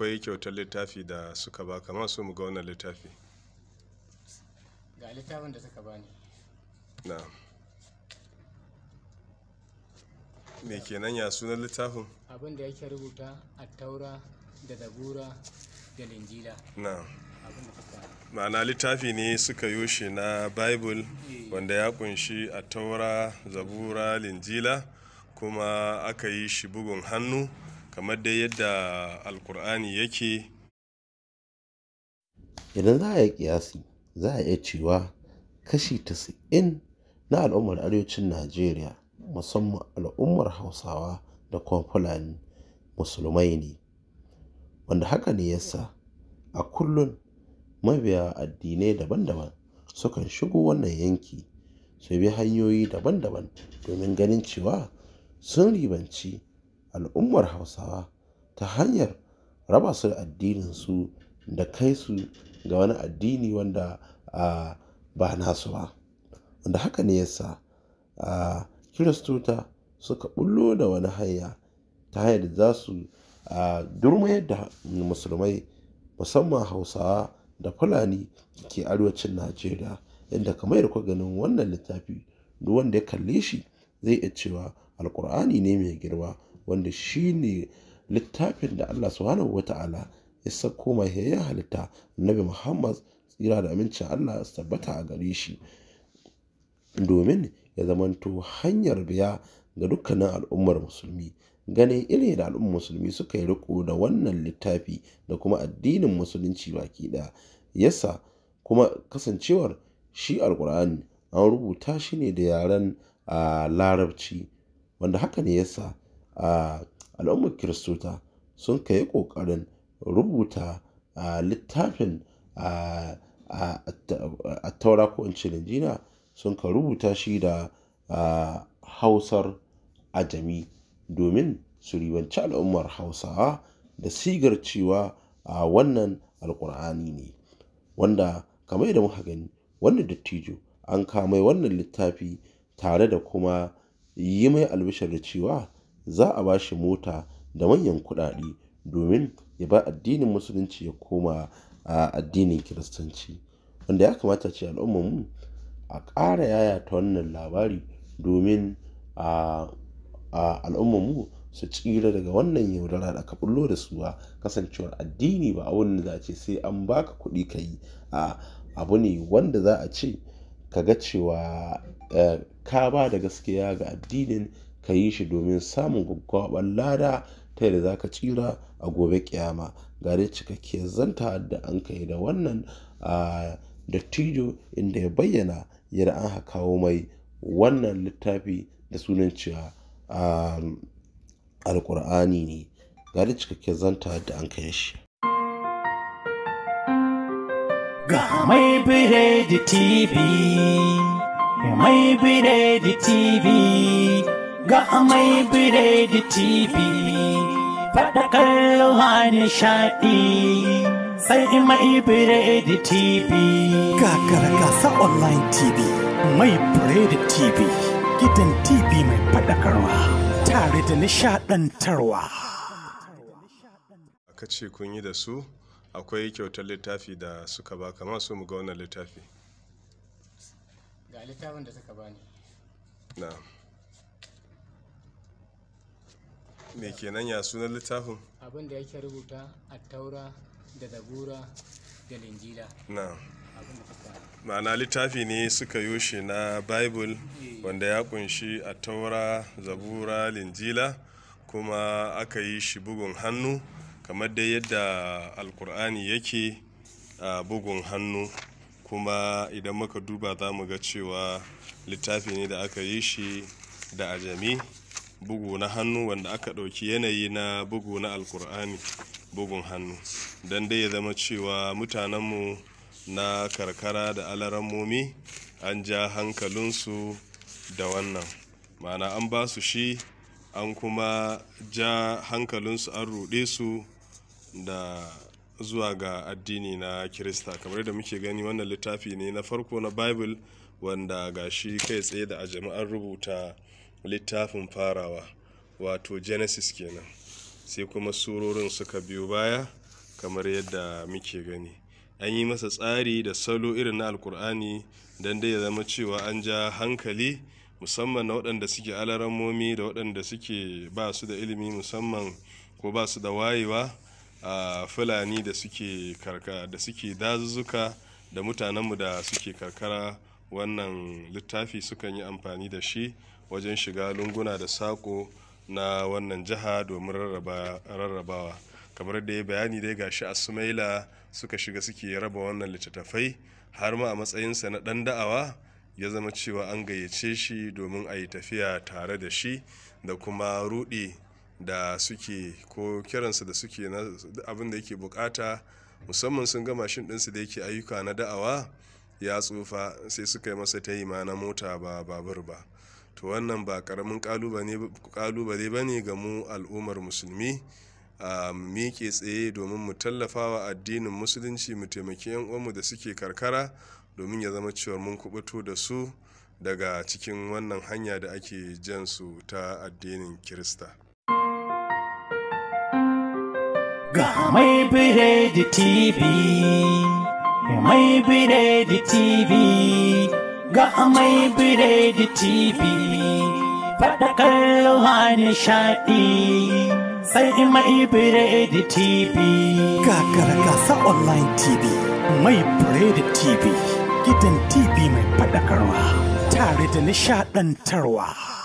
akwai kyautar littafi da suka ba kamar su mu ga wannan littafi ga littafin da suka na me kenan ya sunan littafin abin da yake rubuta a taura da zabura da linjila na ma'ana littafi ne suka yoshe na bible eh. wanda ya kunshi a taura zabura linjila kuma aka yi shi bugun hannu kamar dai yadda alkur'ani yake idan za a yi kiyasi za a iya cewa kashi tasi'in na al'ummar arewacin najeriya musamman al'ummar hausawa da kuma fulani musulmai ne wanda haka ne yasa a kullum mabiya addinai daban-daban sukan shigo wannan yanki su bi hanyoyi daban-daban domin ganin cewa sun ribanci al'ummar hausawa ta hanyar raba su da addininsu da kai su ga wani addini wanda a ba nasu ba wanda haka ne yasa a kiristota suka bullo da wani hanya ta hanyar da za su a durmayar da musulmai musamman hausawa da fulani ke arewacin najeriya inda kamar yadda kuka ganin wannan littafi duk wanda ya kalle shi zai iya cewa alkur'ani ne mai girma wanda shi ne littafin da Allah subhanahu wa ta'ala ya sako yayi halitta annabi Muhammad tsira da amincin Allah su tabbata a gare shi domin ya zamanto hanyar biya ga dukkanin al'ummar musulmi gane irin da al'ummar musulmi suka yi riko da wannan littafi da kuma addinin musulunci baki ɗaya yasa kuma kasancewar shi alkur'ani an rubuta shi ne da yaren a ah, larabci wanda haka ne yasa a al'ummar Kiristota sun ka yi ƙoƙarin rubuta a littafin a taura ko in ce sun ka rubuta shi da hausar ajami domin su ribanci al'ummar hausawa da sigar cewa a wannan alkur'ani ne wanda kamar yadda muka gani wannan dattijo an kama wannan littafi tare da kuma yi mai albishar da cewa za a ba shi mota da manyan kuɗaɗe domin ya ba addinin musulunci ya koma a addinin kiristanci. Wanda ya kamata ce al'ummarmu a ƙara ta wannan labari domin a al'ummarmu su tsira daga wannan yaudara da aka bullo da su kasancewar addini ba abun da za a ce sai an baka kuɗi ka yi a abu ne wanda za a ce ka ga cewa eh, ka ba da gaskiya ga addinin ka yi shi domin samun gwaggwaɓar lada ta yadda za ka tsira a gobe ƙiyama ga dai cikakkiyar zanta da an kai da wannan a dattijo inda ya bayyana yadda an haka kawo mai wannan littafi da sunan cewa alƙur'ani ne ga da cikakken zanta da an kai shi ga mai biredi tv mai biredi tv ga mai biredi TV faɗakar ruhani shaɗi sai mai biredi TV. Kakara gasa online TV mai biredi TV gidan TV mai faɗakarwa tare da nishaɗantarwa. Aka ce kun yi da su akwai kyautar littafi da suka ba kamar su mu ga wannan littafi. Ga littafin da suka Na'am. me kenan ya sunan littafin abin da yake rubuta a taura da da linjila na ma'ana littafi ne suka yoshe na bible eh. wanda ya kunshi a taura zabura linjila kuma aka yi shi bugun hannu kamar da yadda alkur'ani yake a bugun hannu kuma idan muka duba za mu ga cewa littafi ne da aka yi shi da ajami bugu na hannu wanda aka ɗauki yanayi na bugu na alkur'ani bugun hannu don dai ya zama cewa mutanenmu na karkara da alarammomi an ja hankalinsu da wannan mana an ba su shi an kuma ja hankalinsu an ruɗe su da zuwa ga addini na kirista kamar da muke gani wannan littafi ne na farko na bible wanda ga shi kai tsaye da a jama'an rubuta littafin farawa wato genesis kenan sai kuma surorin suka biyo baya kamar yadda muke gani an yi masa tsari da salo irin na alkur'ani don dai ya zama cewa an ja hankali musamman na waɗanda suke alarammomi da waɗanda suke ba su da ilimi musamman ko ba su da wayewa a fulani da suke karka da suke dazuzzuka da mutanenmu da suke karkara wannan littafi sukan yi amfani da shi wajen shiga lunguna da sako na wannan jiha domin rarrabawa kamar da ya bayani dai gashi a sumaila suka shiga suke raba wannan littattafai har ma a matsayinsa na dan da'awa ya zama cewa an gayyace shi domin a yi tafiya tare da shi da kuma rudi da suke ko kiransa da suke abin da yake bukata musamman sun ga mashin ɗinsu da yake ayyuka na da'awa ya tsufa sai suka yi masa ta yi ma na mota ba babur ba to wannan ba karamin kalubale ba ne ga mu al'ummar musulmi a miƙe tsaye domin mu tallafawa addinin musulunci mu taimaki 'yan uwanmu da suke karkara domin ya zama cewa mun kubuto da su daga cikin wannan hanya da ake jan su ta addinin kirista ga mai biredi tv mai biredi tv ga mai biredi TV faɗakar ruwa nishaɗi sai mai biredi TV. Kakar gasa online TV mai biredi TV gidan TV mai faɗakarwa tare da nishaɗantarwa.